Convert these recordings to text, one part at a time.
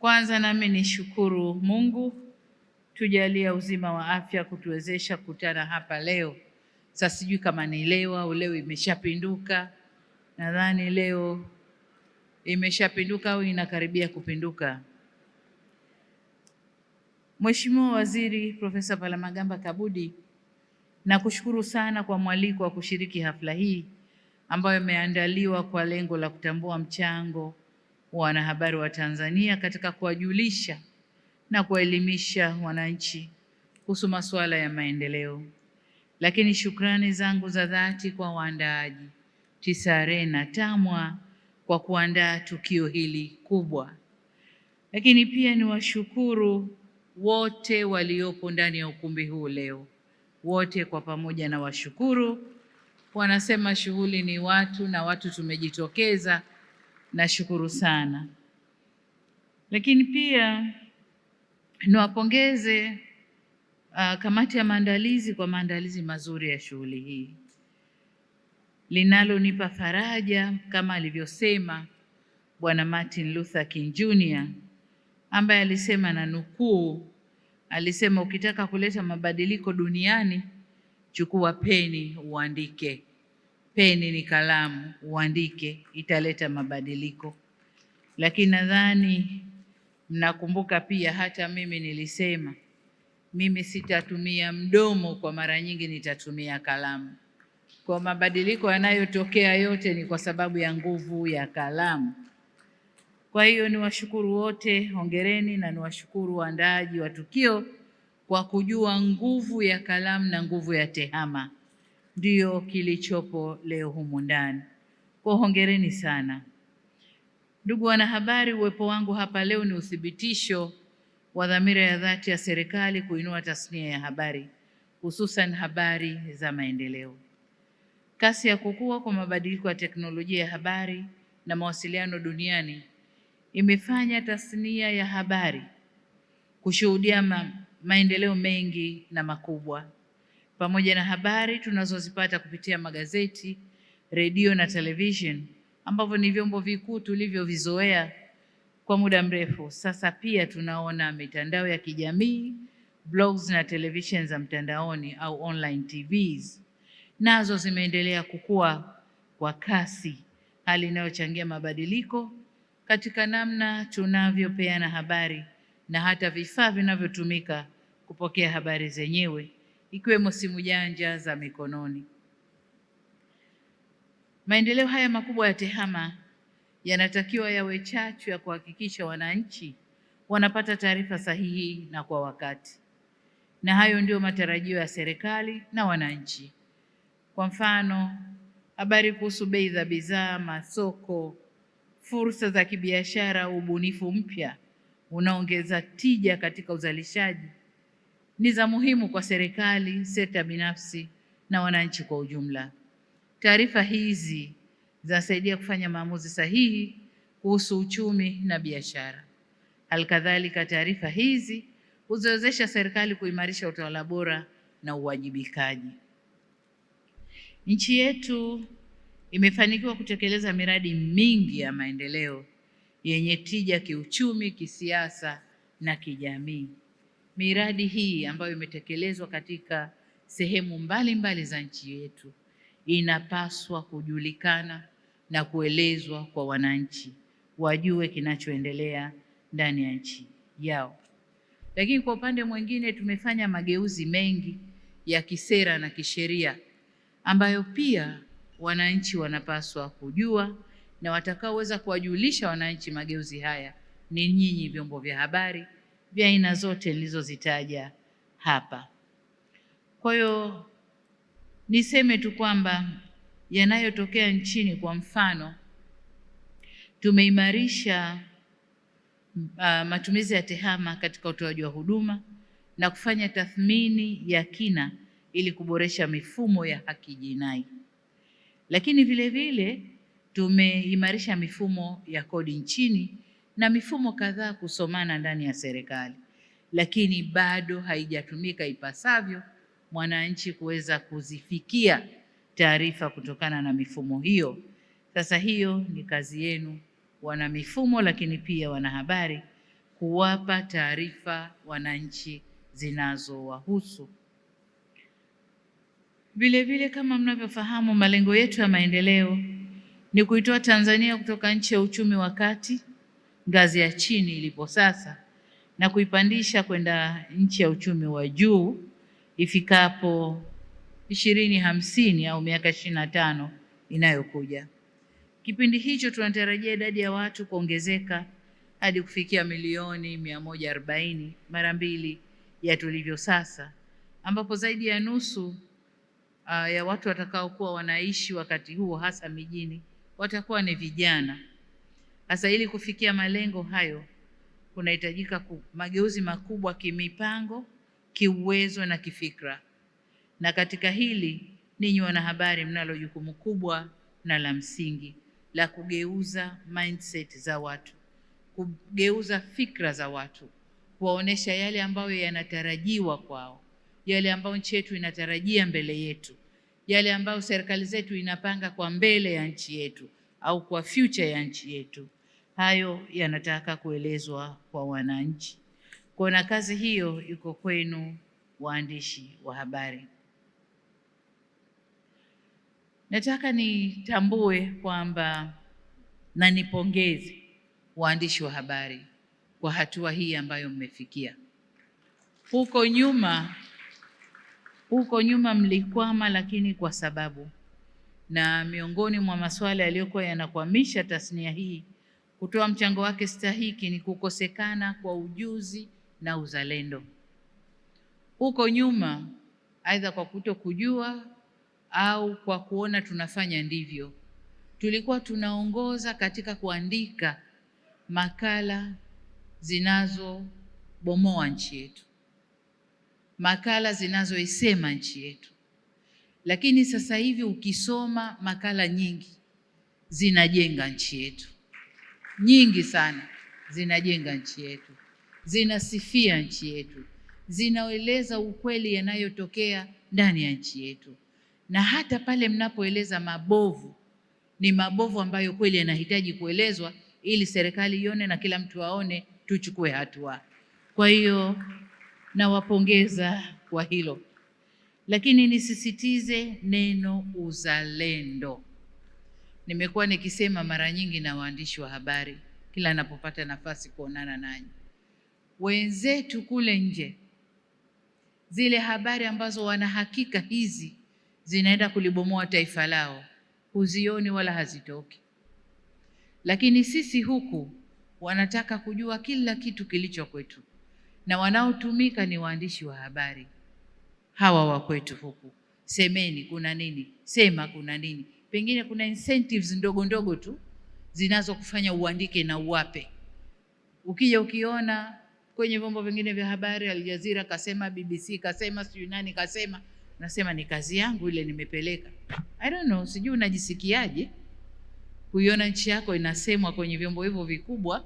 Kwanza nami nishukuru Mungu tujalia uzima wa afya kutuwezesha kukutana hapa leo. Sasa sijui kama ni leo au leo imeshapinduka, nadhani leo imeshapinduka au inakaribia kupinduka. Mheshimiwa Waziri Profesa Palamagamba Kabudi, nakushukuru sana kwa mwaliko wa kushiriki hafla hii ambayo imeandaliwa kwa lengo la kutambua mchango wanahabari wa Tanzania katika kuwajulisha na kuwaelimisha wananchi kuhusu masuala ya maendeleo. Lakini shukrani zangu za dhati kwa waandaaji tisare na TAMWA kwa kuandaa tukio hili kubwa. Lakini pia ni washukuru wote waliopo ndani ya ukumbi huu leo, wote kwa pamoja na washukuru. Wanasema shughuli ni watu na watu tumejitokeza nashukuru sana. Lakini pia niwapongeze uh, kamati ya maandalizi kwa maandalizi mazuri ya shughuli hii. Linalonipa faraja kama alivyosema Bwana Martin Luther King Jr. ambaye alisema na nukuu, alisema ukitaka kuleta mabadiliko duniani chukua peni uandike peni ni kalamu, uandike, italeta mabadiliko. Lakini nadhani mnakumbuka pia, hata mimi nilisema mimi sitatumia mdomo kwa mara nyingi, nitatumia kalamu. Kwa mabadiliko yanayotokea yote ni kwa sababu ya nguvu ya kalamu. Kwa hiyo niwashukuru wote, hongereni, na niwashukuru waandaaji wa tukio kwa kujua nguvu ya kalamu na nguvu ya TEHAMA ndio kilichopo leo humu ndani. Kwa hongereni sana ndugu wanahabari, uwepo wangu hapa leo ni uthibitisho wa dhamira ya dhati ya serikali kuinua tasnia ya habari, hususan habari za maendeleo. Kasi ya kukua kwa mabadiliko ya teknolojia ya habari na mawasiliano duniani imefanya tasnia ya habari kushuhudia ma maendeleo mengi na makubwa pamoja na habari tunazozipata kupitia magazeti, redio na television ambavyo ni vyombo vikuu tulivyovizoea kwa muda mrefu. Sasa pia tunaona mitandao ya kijamii, blogs na television za mtandaoni au online TVs nazo zimeendelea kukua kwa kasi, hali inayochangia mabadiliko katika namna tunavyopeana habari na hata vifaa vinavyotumika kupokea habari zenyewe ikiwemo simu janja za mikononi. Maendeleo haya makubwa ya TEHAMA yanatakiwa yawe chachu ya kuhakikisha wananchi wanapata taarifa sahihi na kwa wakati, na hayo ndiyo matarajio ya serikali na wananchi. Kwa mfano, habari kuhusu bei za bidhaa, masoko, fursa za kibiashara, ubunifu mpya unaongeza tija katika uzalishaji ni za muhimu kwa serikali, sekta binafsi na wananchi kwa ujumla. Taarifa hizi zinasaidia kufanya maamuzi sahihi kuhusu uchumi na biashara. Halikadhalika, taarifa hizi huziwezesha serikali kuimarisha utawala bora na uwajibikaji. Nchi yetu imefanikiwa kutekeleza miradi mingi ya maendeleo yenye tija kiuchumi, kisiasa na kijamii miradi hii ambayo imetekelezwa katika sehemu mbalimbali mbali za nchi yetu inapaswa kujulikana na kuelezwa kwa wananchi, wajue kinachoendelea ndani ya nchi yao. Lakini kwa upande mwingine, tumefanya mageuzi mengi ya kisera na kisheria ambayo pia wananchi wanapaswa kujua, na watakaoweza kuwajulisha wananchi mageuzi haya ni nyinyi vyombo vya habari vya aina zote nilizozitaja hapa. Kwa hiyo niseme tu kwamba yanayotokea nchini, kwa mfano, tumeimarisha uh, matumizi ya tehama katika utoaji wa huduma na kufanya tathmini ya kina ili kuboresha mifumo ya haki jinai, lakini vile vile tumeimarisha mifumo ya kodi nchini na mifumo kadhaa kusomana ndani ya serikali, lakini bado haijatumika ipasavyo mwananchi kuweza kuzifikia taarifa kutokana na mifumo hiyo. Sasa hiyo ni kazi yenu, wana mifumo, lakini pia wanahabari, kuwapa taarifa wananchi zinazowahusu. Vilevile, kama mnavyofahamu, malengo yetu ya maendeleo ni kuitoa Tanzania kutoka nchi ya uchumi wa kati ngazi ya chini ilipo sasa na kuipandisha kwenda nchi ya uchumi wa juu ifikapo ishirini hamsini au miaka ishirini na tano inayokuja. Kipindi hicho tunatarajia idadi ya watu kuongezeka hadi kufikia milioni mia moja arobaini mara mbili ya tulivyo sasa, ambapo zaidi ya nusu uh, ya watu watakaokuwa wanaishi wakati huo hasa mijini watakuwa ni vijana. Sasa ili kufikia malengo hayo kunahitajika mageuzi makubwa kimipango, kiuwezo na kifikra, na katika hili ninyi wanahabari mnalo jukumu kubwa na la msingi la kugeuza mindset za watu, kugeuza fikra za watu, kuwaonesha yale ambayo yanatarajiwa kwao, yale ambayo nchi yetu inatarajia mbele yetu, yale ambayo serikali zetu inapanga kwa mbele ya nchi yetu au kwa future ya nchi yetu. Hayo yanataka kuelezwa kwa wananchi. Kwa na kazi hiyo iko kwenu, waandishi wa habari. Nataka nitambue kwamba na nipongeze waandishi wa habari kwa hatua hii ambayo mmefikia. Huko nyuma, huko nyuma mlikwama, lakini kwa sababu na miongoni mwa masuala yaliyokuwa yanakwamisha tasnia hii kutoa mchango wake stahiki ni kukosekana kwa ujuzi na uzalendo. Huko nyuma, aidha kwa kuto kujua au kwa kuona tunafanya ndivyo, tulikuwa tunaongoza katika kuandika makala zinazobomoa nchi yetu, makala zinazoisema nchi yetu. Lakini sasa hivi ukisoma makala nyingi zinajenga nchi yetu nyingi sana zinajenga nchi yetu, zinasifia nchi yetu, zinaeleza ukweli yanayotokea ndani ya nchi yetu, na hata pale mnapoeleza mabovu, ni mabovu ambayo kweli yanahitaji kuelezwa ili serikali ione na kila mtu aone, tuchukue hatua. Kwa hiyo nawapongeza kwa hilo, lakini nisisitize neno uzalendo. Nimekuwa nikisema mara nyingi na waandishi wa habari kila anapopata nafasi kuonana nanyi, wenzetu kule nje, zile habari ambazo wanahakika hizi zinaenda kulibomoa taifa lao huzioni wala hazitoki, lakini sisi huku wanataka kujua kila kitu kilicho kwetu, na wanaotumika ni waandishi wa habari hawa wa kwetu huku. Semeni kuna nini, sema kuna nini pengine kuna incentives ndogo ndogo tu zinazokufanya uandike na uwape. Ukija ukiona kwenye vyombo vingine vya habari, Al Jazeera kasema, BBC kasema, sijui nani kasema, nasema ni kazi yangu ile, nimepeleka. I don't know, sijui unajisikiaje kuiona nchi yako inasemwa kwenye vyombo hivyo vikubwa,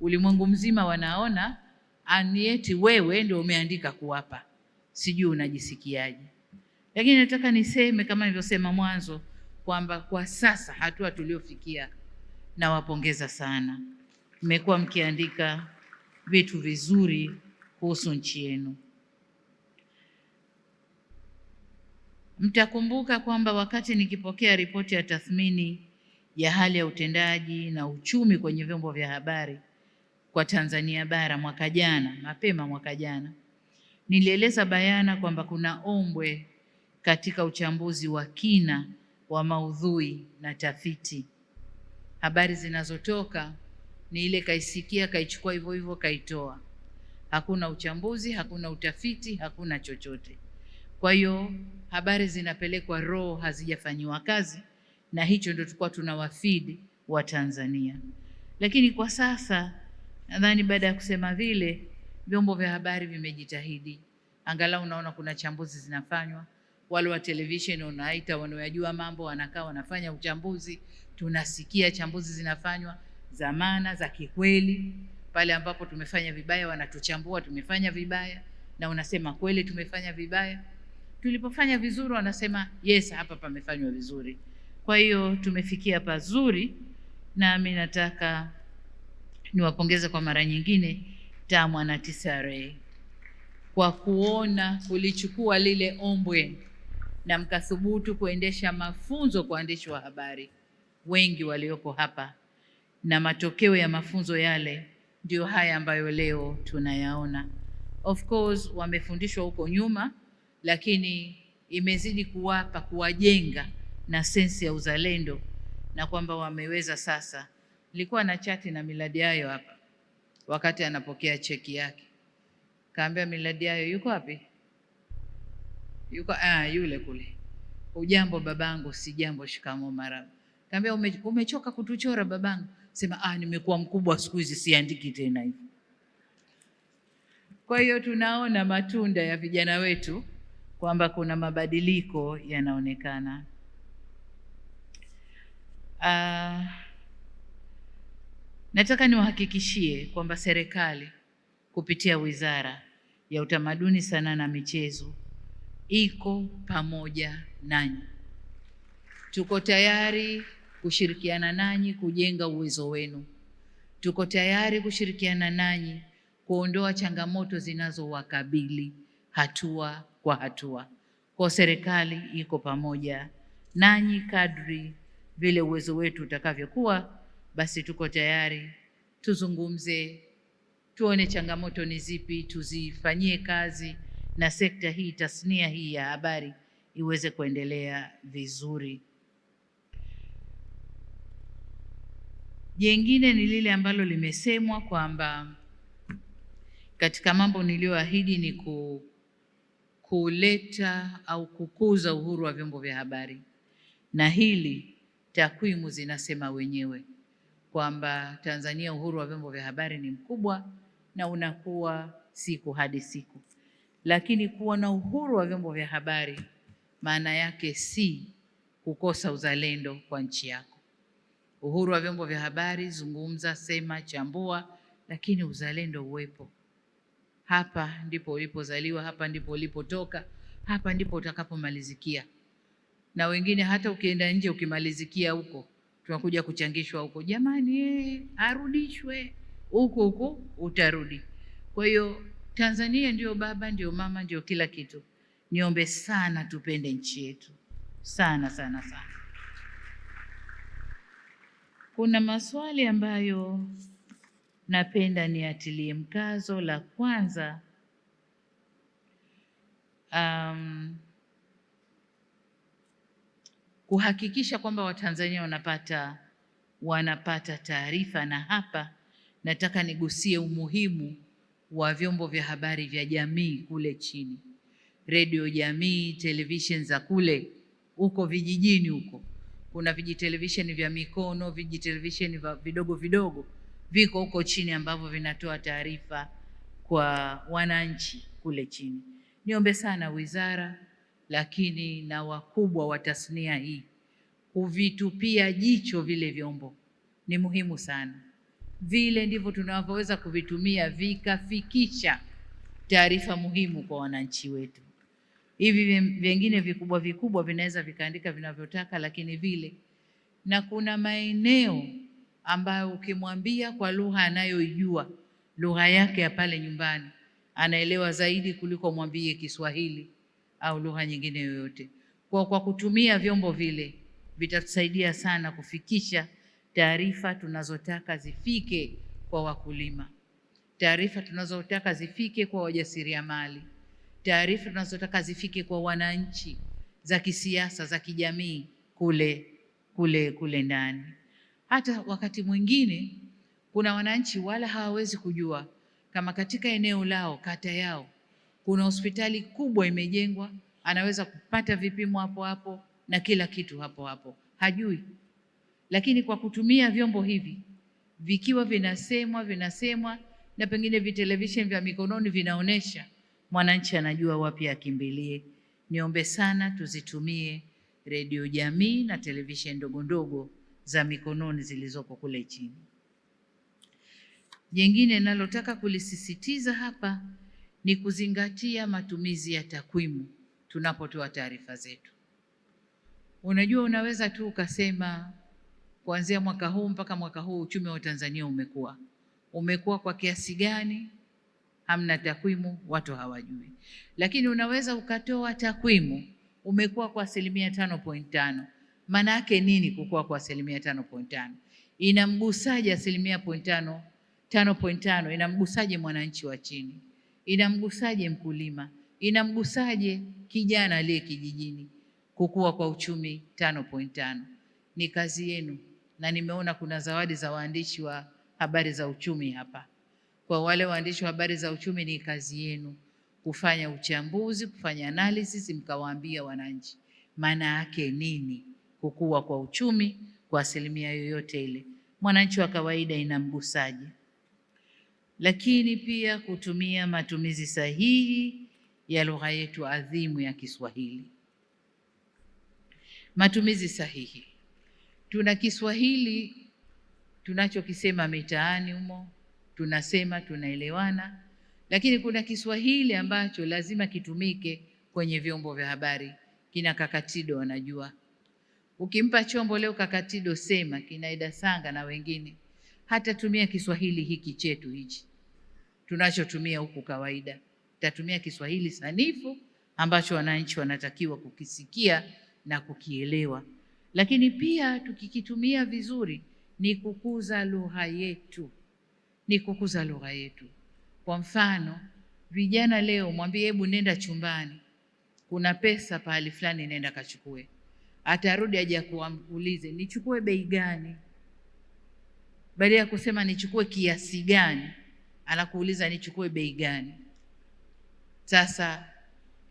ulimwengu mzima wanaona, anieti wewe ndio umeandika kuwapa. Sijui unajisikiaje, lakini nataka niseme kama nilivyosema mwanzo kwamba kwa sasa hatua tuliofikia, nawapongeza sana. Mmekuwa mkiandika vitu vizuri kuhusu nchi yenu. Mtakumbuka kwamba wakati nikipokea ripoti ya tathmini ya hali ya utendaji na uchumi kwenye vyombo vya habari kwa Tanzania bara mwaka jana, mapema mwaka jana, nilieleza bayana kwamba kuna ombwe katika uchambuzi wa kina wa maudhui na tafiti. Habari zinazotoka ni ile kaisikia, kaichukua hivyo hivyo, kaitoa. Hakuna uchambuzi, hakuna utafiti, hakuna chochote. Kwa hiyo habari zinapelekwa roho, hazijafanyiwa kazi, na hicho ndio tulikuwa wafidi wa Tanzania. Lakini kwa sasa nadhani baada ya kusema vile, vyombo vya habari vimejitahidi, angalau unaona kuna chambuzi zinafanywa wale wa television unaita wanaoyajua mambo, wanakaa wanafanya uchambuzi, tunasikia chambuzi zinafanywa za maana za kikweli. Pale ambapo tumefanya vibaya, wanatuchambua tumefanya vibaya, na unasema kweli tumefanya vibaya. Tulipofanya vizuri, wanasema yes, hapa pamefanywa vizuri. Kwa hiyo tumefikia pazuri, nami nataka niwapongeze kwa mara nyingine TAMWA na TCRA kwa kuona kulichukua lile ombwe na mkathubutu kuendesha mafunzo kwa waandishi wa habari wengi walioko hapa, na matokeo ya mafunzo yale ndio haya ambayo leo tunayaona. Of course wamefundishwa huko nyuma, lakini imezidi kuwapa kuwajenga na sensi ya uzalendo na kwamba wameweza sasa. Nilikuwa na chati na miladi hayo hapa wakati anapokea cheki yake, kaambia miladi hayo yuko wapi? yuko ah, yule kule, ujambo babangu, si jambo, shikamo marabu. Kaambia ume, umechoka kutuchora babangu? Sema ah, nimekuwa mkubwa siku hizi siandiki tena hivi. Kwa hiyo tunaona matunda ya vijana wetu kwamba kuna mabadiliko yanaonekana. Uh, nataka niwahakikishie kwamba serikali kupitia Wizara ya Utamaduni, Sanaa na Michezo iko pamoja nanyi. Tuko tayari kushirikiana nanyi kujenga uwezo wenu. Tuko tayari kushirikiana nanyi kuondoa changamoto zinazowakabili hatua kwa hatua. Kwa serikali iko pamoja nanyi, kadri vile uwezo wetu utakavyokuwa, basi tuko tayari tuzungumze, tuone changamoto ni zipi, tuzifanyie kazi na sekta hii, tasnia hii ya habari iweze kuendelea vizuri. Jengine ni lile ambalo limesemwa kwamba katika mambo niliyoahidi ni ku, kuleta au kukuza uhuru wa vyombo vya habari, na hili takwimu zinasema wenyewe kwamba Tanzania uhuru wa vyombo vya habari ni mkubwa na unakuwa siku hadi siku. Lakini kuwa na uhuru wa vyombo vya habari maana yake si kukosa uzalendo kwa nchi yako. Uhuru wa vyombo vya habari, zungumza, sema, chambua, lakini uzalendo uwepo. Hapa ndipo ulipozaliwa, hapa ndipo ulipotoka, hapa ndipo utakapomalizikia. Na wengine hata ukienda nje ukimalizikia huko, tunakuja kuchangishwa huko, jamani, arudishwe huko huko, utarudi. Kwa hiyo Tanzania ndio baba, ndio mama, ndio kila kitu. Niombe sana tupende nchi yetu sana sana sana. Kuna maswali ambayo napenda niatilie mkazo. La kwanza um, kuhakikisha kwamba Watanzania wanapata wanapata taarifa, na hapa nataka nigusie umuhimu wa vyombo vya habari vya jamii kule chini, redio jamii, television za kule huko vijijini huko, kuna vijitelevisheni vya mikono, vijitelevisheni vidogo vidogo viko huko chini ambavyo vinatoa taarifa kwa wananchi kule chini. Niombe sana wizara, lakini na wakubwa wa tasnia hii kuvitupia jicho vile vyombo, ni muhimu sana. Vile ndivyo tunavyoweza kuvitumia vikafikisha taarifa muhimu kwa wananchi wetu. Hivi vingine vikubwa vikubwa vinaweza vikaandika vinavyotaka, lakini vile na kuna maeneo ambayo ukimwambia kwa lugha anayoijua lugha yake ya pale nyumbani anaelewa zaidi kuliko mwambie Kiswahili au lugha nyingine yoyote. Kwa, kwa kutumia vyombo vile vitatusaidia sana kufikisha taarifa tunazotaka zifike kwa wakulima, taarifa tunazotaka zifike kwa wajasiriamali, taarifa tunazotaka zifike kwa wananchi, za kisiasa, za kijamii kule kule kule ndani. Hata wakati mwingine kuna wananchi wala hawawezi kujua kama katika eneo lao, kata yao, kuna hospitali kubwa imejengwa, anaweza kupata vipimo hapo hapo na kila kitu hapo hapo, hajui lakini kwa kutumia vyombo hivi vikiwa vinasemwa vinasemwa, na pengine vitelevisheni vya mikononi vinaonyesha, mwananchi anajua wapi akimbilie. Niombe sana tuzitumie redio jamii na televisheni ndogo ndogo za mikononi zilizopo kule chini. Jengine nalotaka kulisisitiza hapa ni kuzingatia matumizi ya takwimu tunapotoa taarifa zetu. Unajua, unaweza tu ukasema kuanzia mwaka huu mpaka mwaka huu uchumi wa Tanzania umekuwa umekuwa kwa kiasi gani? Hamna takwimu, watu hawajui, lakini unaweza ukatoa takwimu umekuwa kwa asilimia tano point tano. Maana yake nini kukua kwa asilimia tano tano? Inamgusaje asilimia point tano tano tano inamgusaje mwananchi wa chini? Inamgusaje mkulima? Inamgusaje kijana aliye kijijini? Kukua kwa uchumi tano tano ni kazi yenu na nimeona kuna zawadi za waandishi wa habari za uchumi hapa. Kwa wale waandishi wa habari za uchumi, ni kazi yenu kufanya uchambuzi, kufanya analysis, mkawaambia wananchi maana yake nini kukua kwa uchumi kwa asilimia yoyote ile, mwananchi wa kawaida inamgusaje? Lakini pia kutumia matumizi sahihi ya lugha yetu adhimu ya Kiswahili, matumizi sahihi Tuna Kiswahili tunachokisema mitaani humo, tunasema tunaelewana, lakini kuna Kiswahili ambacho lazima kitumike kwenye vyombo vya habari. Kina Kakatido wanajua, ukimpa chombo leo Kakatido sema, kina Ida Sanga na wengine, hata tumia Kiswahili hiki chetu hichi tunachotumia huku kawaida, tatumia Kiswahili sanifu ambacho wananchi wanatakiwa kukisikia na kukielewa lakini pia tukikitumia vizuri ni kukuza lugha yetu, ni kukuza lugha yetu. Kwa mfano, vijana leo mwambie, hebu nenda chumbani, kuna pesa pahali fulani, nenda kachukue. Atarudi aje kuulize nichukue bei gani? Baada ya kusema nichukue kiasi gani, anakuuliza nichukue bei gani? Sasa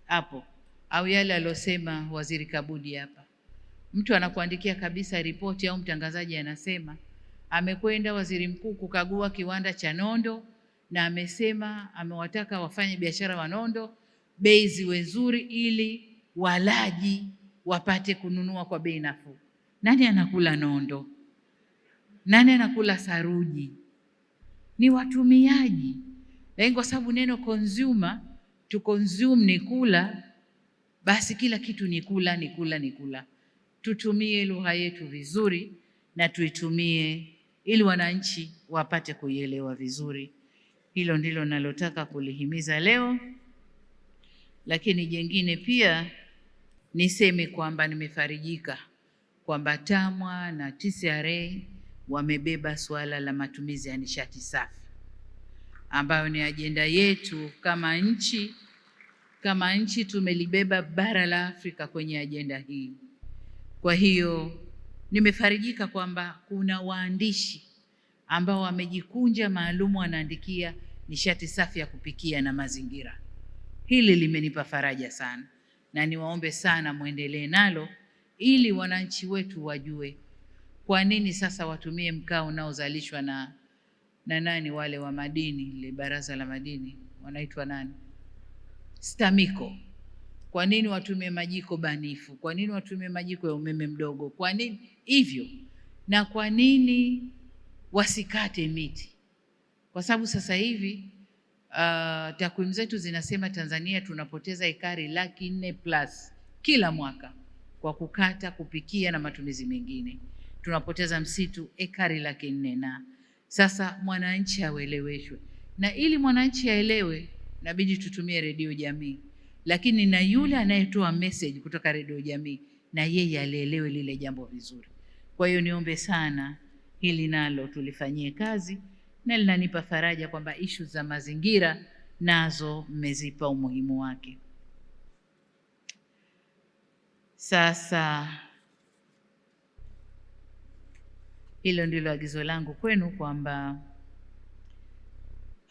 hapo, au yale aliyosema Waziri Kabudi hapa Mtu anakuandikia kabisa ripoti au mtangazaji anasema amekwenda waziri mkuu kukagua kiwanda cha nondo na amesema amewataka wafanye biashara wa nondo bei ziwe nzuri, ili walaji wapate kununua kwa bei nafuu. Nani anakula nondo? Nani anakula saruji? Ni watumiaji, lakini kwa sababu neno consumer, to consume ni kula, basi kila kitu ni kula, ni kula, ni kula tutumie lugha yetu vizuri na tuitumie ili wananchi wapate kuielewa vizuri. Hilo ndilo nalotaka kulihimiza leo, lakini jengine pia niseme kwamba nimefarijika kwamba TAMWA na TCRA wamebeba suala la matumizi ya nishati safi ambayo ni ajenda yetu kama nchi. Kama nchi tumelibeba bara la Afrika kwenye ajenda hii. Kwa hiyo nimefarijika kwamba kuna waandishi ambao wamejikunja maalum wanaandikia nishati safi ya kupikia na mazingira. Hili limenipa faraja sana, na niwaombe sana mwendelee nalo ili wananchi wetu wajue kwa nini sasa watumie mkaa unaozalishwa na na nani wale wa madini, ile baraza la madini wanaitwa nani, STAMICO. Kwa nini watumie majiko banifu? Kwa nini watumie majiko ya umeme mdogo? Kwa nini hivyo? Na kwa nini wasikate miti? Kwa sababu sasa hivi uh, takwimu zetu zinasema Tanzania tunapoteza ekari laki nne plus kila mwaka kwa kukata, kupikia na matumizi mengine. Tunapoteza msitu ekari laki nne na sasa mwananchi aeleweshwe, na ili mwananchi aelewe, nabidi tutumie redio jamii lakini na yule anayetoa message kutoka redio jamii na yeye alielewe lile jambo vizuri. Kwa hiyo niombe sana hili nalo tulifanyie kazi, na linanipa faraja kwamba ishu za mazingira nazo mmezipa umuhimu wake. Sasa hilo ndilo agizo langu kwenu kwamba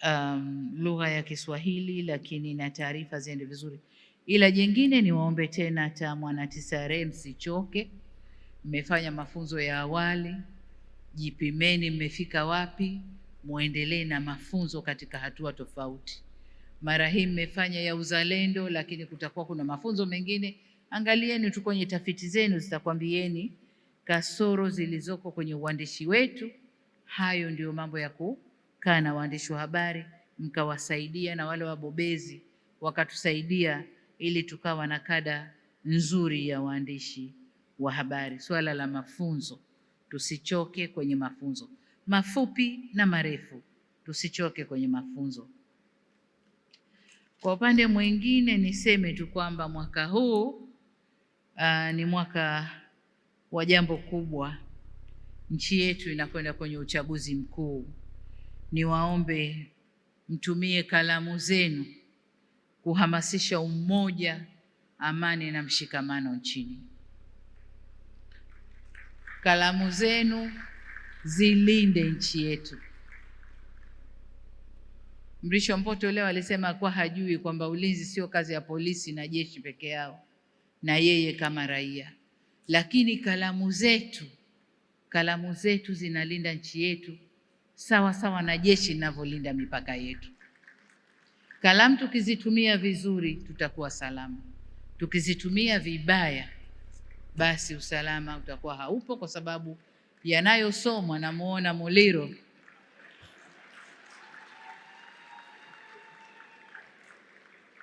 um, lugha ya Kiswahili, lakini na taarifa ziende vizuri. Ila jengine niwaombe tena TAMWA na TCRA msichoke, mmefanya mafunzo ya awali, jipimeni mmefika wapi, muendelee na mafunzo katika hatua tofauti. Mara hii mmefanya ya uzalendo, lakini kutakuwa kuna mafunzo mengine. Angalieni tu kwenye tafiti zenu, zitakwambieni kasoro zilizoko kwenye uandishi wetu. Hayo ndiyo mambo ya ku mkaa na waandishi wa habari mkawasaidia, na wale wabobezi wakatusaidia ili tukawa na kada nzuri ya waandishi wa habari. Swala la mafunzo, tusichoke kwenye mafunzo mafupi na marefu, tusichoke kwenye mafunzo. Kwa upande mwingine, niseme tu kwamba mwaka huu aa, ni mwaka wa jambo kubwa. Nchi yetu inakwenda kwenye uchaguzi mkuu niwaombe mtumie kalamu zenu kuhamasisha umoja, amani na mshikamano nchini. Kalamu zenu zilinde nchi yetu. Mrisho Mpoto leo alisema kuwa hajui kwamba ulinzi sio kazi ya polisi na jeshi peke yao, na yeye kama raia. Lakini kalamu zetu, kalamu zetu zinalinda nchi yetu sawa sawa na jeshi linavyolinda mipaka yetu. Kalamu tukizitumia vizuri, tutakuwa salama. Tukizitumia vibaya, basi usalama utakuwa haupo, kwa sababu yanayosomwa namuona Muliro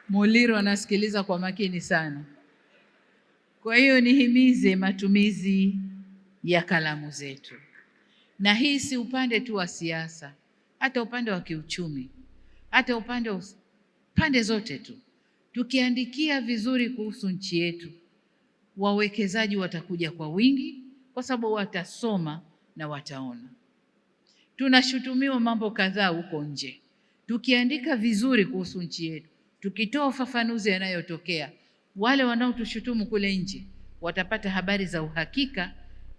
Muliro anasikiliza kwa makini sana. Kwa hiyo nihimize matumizi ya kalamu zetu na hii si upande tu wa siasa, hata upande wa kiuchumi, hata upande wa pande zote tu. Tukiandikia vizuri kuhusu nchi yetu, wawekezaji watakuja kwa wingi, kwa sababu watasoma na wataona. Tunashutumiwa mambo kadhaa huko nje. Tukiandika vizuri kuhusu nchi yetu, tukitoa ufafanuzi yanayotokea, wale wanaotushutumu kule nje watapata habari za uhakika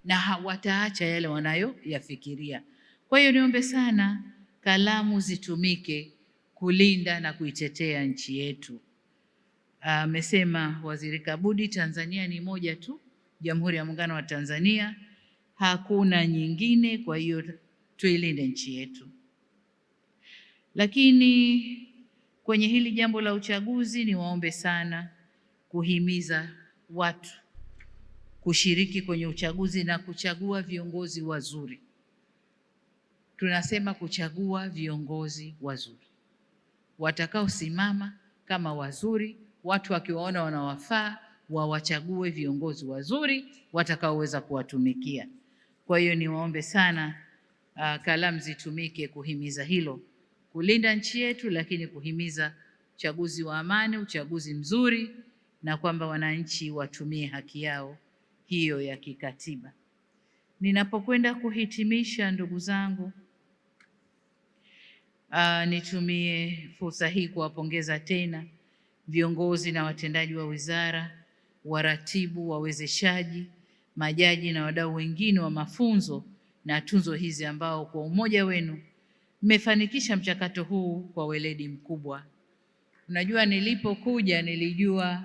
na wataacha yale wanayoyafikiria. Kwa hiyo niombe sana kalamu zitumike kulinda na kuitetea nchi yetu. Ah, amesema Waziri Kabudi, Tanzania ni moja tu, Jamhuri ya Muungano wa Tanzania, hakuna nyingine. Kwa hiyo tuilinde nchi yetu. Lakini kwenye hili jambo la uchaguzi, niwaombe sana kuhimiza watu kushiriki kwenye uchaguzi na kuchagua viongozi wazuri. Tunasema kuchagua viongozi wazuri watakaosimama kama wazuri, watu wakiwaona wanawafaa wawachague viongozi wazuri watakaoweza kuwatumikia. Kwa hiyo niwaombe sana, uh, kalamu zitumike kuhimiza hilo, kulinda nchi yetu, lakini kuhimiza uchaguzi wa amani, uchaguzi mzuri, na kwamba wananchi watumie haki yao hiyo ya kikatiba. Ninapokwenda kuhitimisha, ndugu zangu, uh, nitumie fursa hii kuwapongeza tena viongozi na watendaji wa wizara, waratibu, wawezeshaji, majaji na wadau wengine wa mafunzo na tunzo hizi ambao kwa umoja wenu mmefanikisha mchakato huu kwa weledi mkubwa. Unajua, nilipokuja nilijua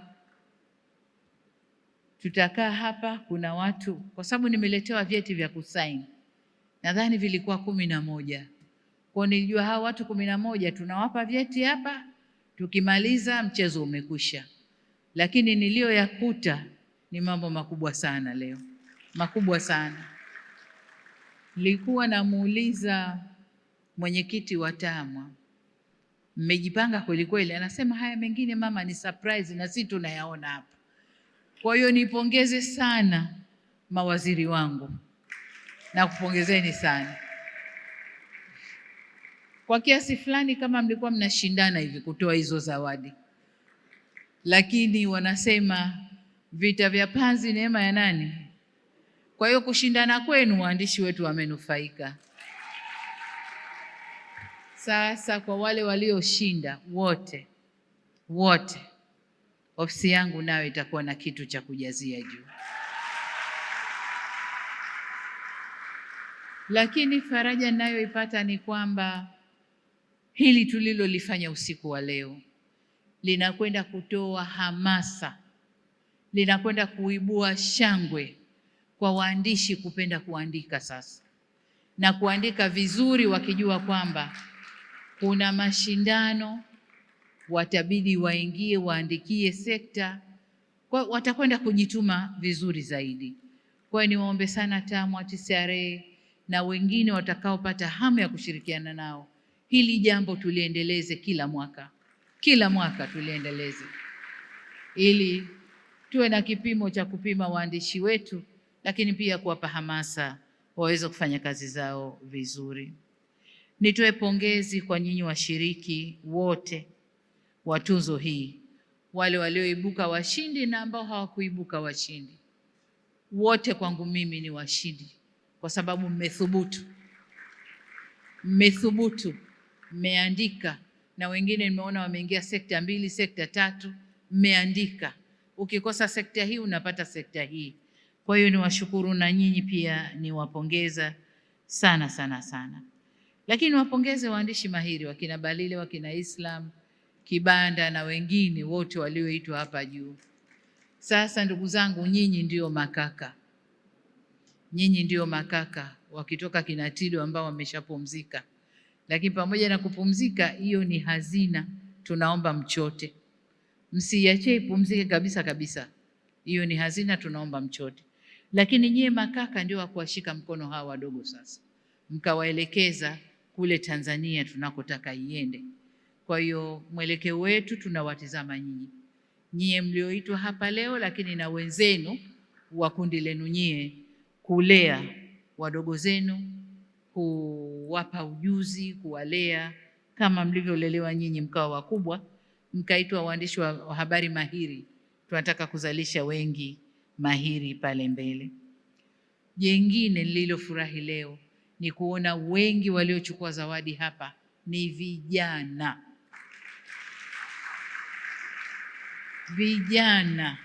tutakaa hapa, kuna watu, kwa sababu nimeletewa vyeti vya kusaini, nadhani vilikuwa kumi na moja kwao. Nilijua hao watu kumi na moja tunawapa vyeti hapa, tukimaliza mchezo umekwisha. Lakini niliyoyakuta ni mambo makubwa sana leo, makubwa sana. Nilikuwa namuuliza mwenyekiti wa TAMWA, mmejipanga kwelikweli? Anasema haya mengine mama ni surprise, na sisi tunayaona hapa kwa hiyo nipongeze sana mawaziri wangu, nakupongezeni sana kwa kiasi fulani, kama mlikuwa mnashindana hivi kutoa hizo zawadi, lakini wanasema vita vya panzi neema ya nani? Kwa hiyo kushindana kwenu waandishi wetu wamenufaika. Sasa kwa wale walioshinda wote wote ofisi yangu nayo itakuwa na kitu cha kujazia juu. Lakini faraja ninayoipata ni kwamba hili tulilolifanya usiku wa leo linakwenda kutoa hamasa, linakwenda kuibua shangwe kwa waandishi kupenda kuandika sasa na kuandika vizuri, wakijua kwamba kuna mashindano watabidi waingie waandikie sekta kwa, watakwenda kujituma vizuri zaidi. Kwa hiyo niwaombe sana TAMWA, TCRA na wengine watakaopata hamu ya kushirikiana nao, hili jambo tuliendeleze kila mwaka, kila mwaka tuliendeleze, ili tuwe na kipimo cha kupima waandishi wetu, lakini pia kuwapa hamasa waweze kufanya kazi zao vizuri. Nitoe pongezi kwa nyinyi washiriki wote wa tuzo hii, wale walioibuka washindi na ambao hawakuibuka washindi. Wote kwangu mimi ni washindi, kwa sababu mmethubutu, mmethubutu, mmeandika, na wengine nimeona wameingia sekta mbili, sekta tatu, mmeandika. Ukikosa sekta hii unapata sekta hii. Kwa hiyo niwashukuru na nyinyi pia niwapongeza sana sana sana, lakini niwapongeze waandishi mahiri wakina Balile, wakina Islam Kibanda na wengine wote walioitwa hapa juu. Sasa ndugu zangu, nyinyi ndio makaka, nyinyi ndio makaka wakitoka kinatido ambao wameshapumzika, lakini pamoja na kupumzika, hiyo ni hazina. Tunaomba mchote, msiiachie ipumzike kabisa kabisa. Hiyo ni hazina, tunaomba mchote. Lakini nyie makaka ndio wakuwashika mkono hawa wadogo, sasa mkawaelekeza kule Tanzania tunakotaka iende. Kwa hiyo mwelekeo wetu tunawatizama nyinyi, nyie mlioitwa hapa leo, lakini na wenzenu wa kundi lenu nyie, kulea wadogo zenu, kuwapa ujuzi, kuwalea kama mlivyolelewa nyinyi mkawa wakubwa, mkaitwa waandishi wa habari mahiri. Tunataka kuzalisha wengi mahiri pale mbele. Jengine nililofurahi leo ni kuona wengi waliochukua zawadi hapa ni vijana. vijana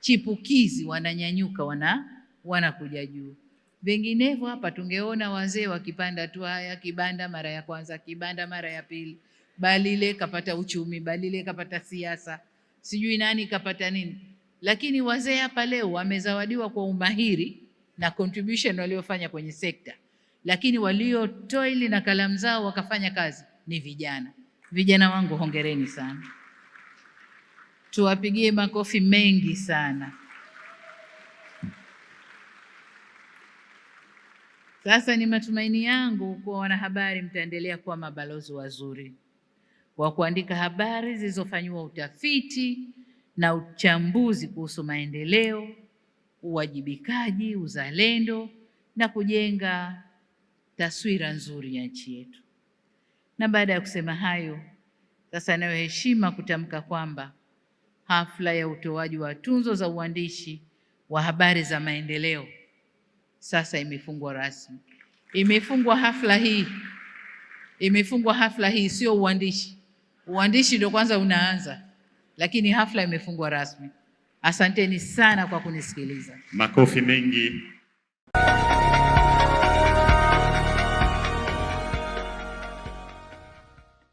chipukizi wananyanyuka, wana wanakuja juu. Vinginevyo hapa tungeona wazee wakipanda tu, haya kibanda mara ya kwanza, kibanda mara ya pili, balile kapata uchumi, balile kapata siasa, sijui nani kapata nini. Lakini wazee hapa leo wamezawadiwa kwa umahiri na contribution waliofanya kwenye sekta, lakini waliotoili na kalamu zao wakafanya kazi ni vijana. Vijana wangu hongereni sana. Tuwapigie makofi mengi sana. Sasa ni matumaini yangu kuwa wanahabari mtaendelea kuwa mabalozi wazuri wa kuandika habari zilizofanyiwa utafiti na uchambuzi kuhusu maendeleo, uwajibikaji, uzalendo na kujenga taswira nzuri ya nchi yetu. Na baada ya kusema hayo, sasa nayo heshima kutamka kwamba hafla ya utoaji wa tunzo za uandishi wa habari za maendeleo sasa imefungwa rasmi. Imefungwa hafla hii, imefungwa hafla hii, sio uandishi. Uandishi ndio kwanza unaanza, lakini hafla imefungwa rasmi. Asanteni sana kwa kunisikiliza. Makofi mengi.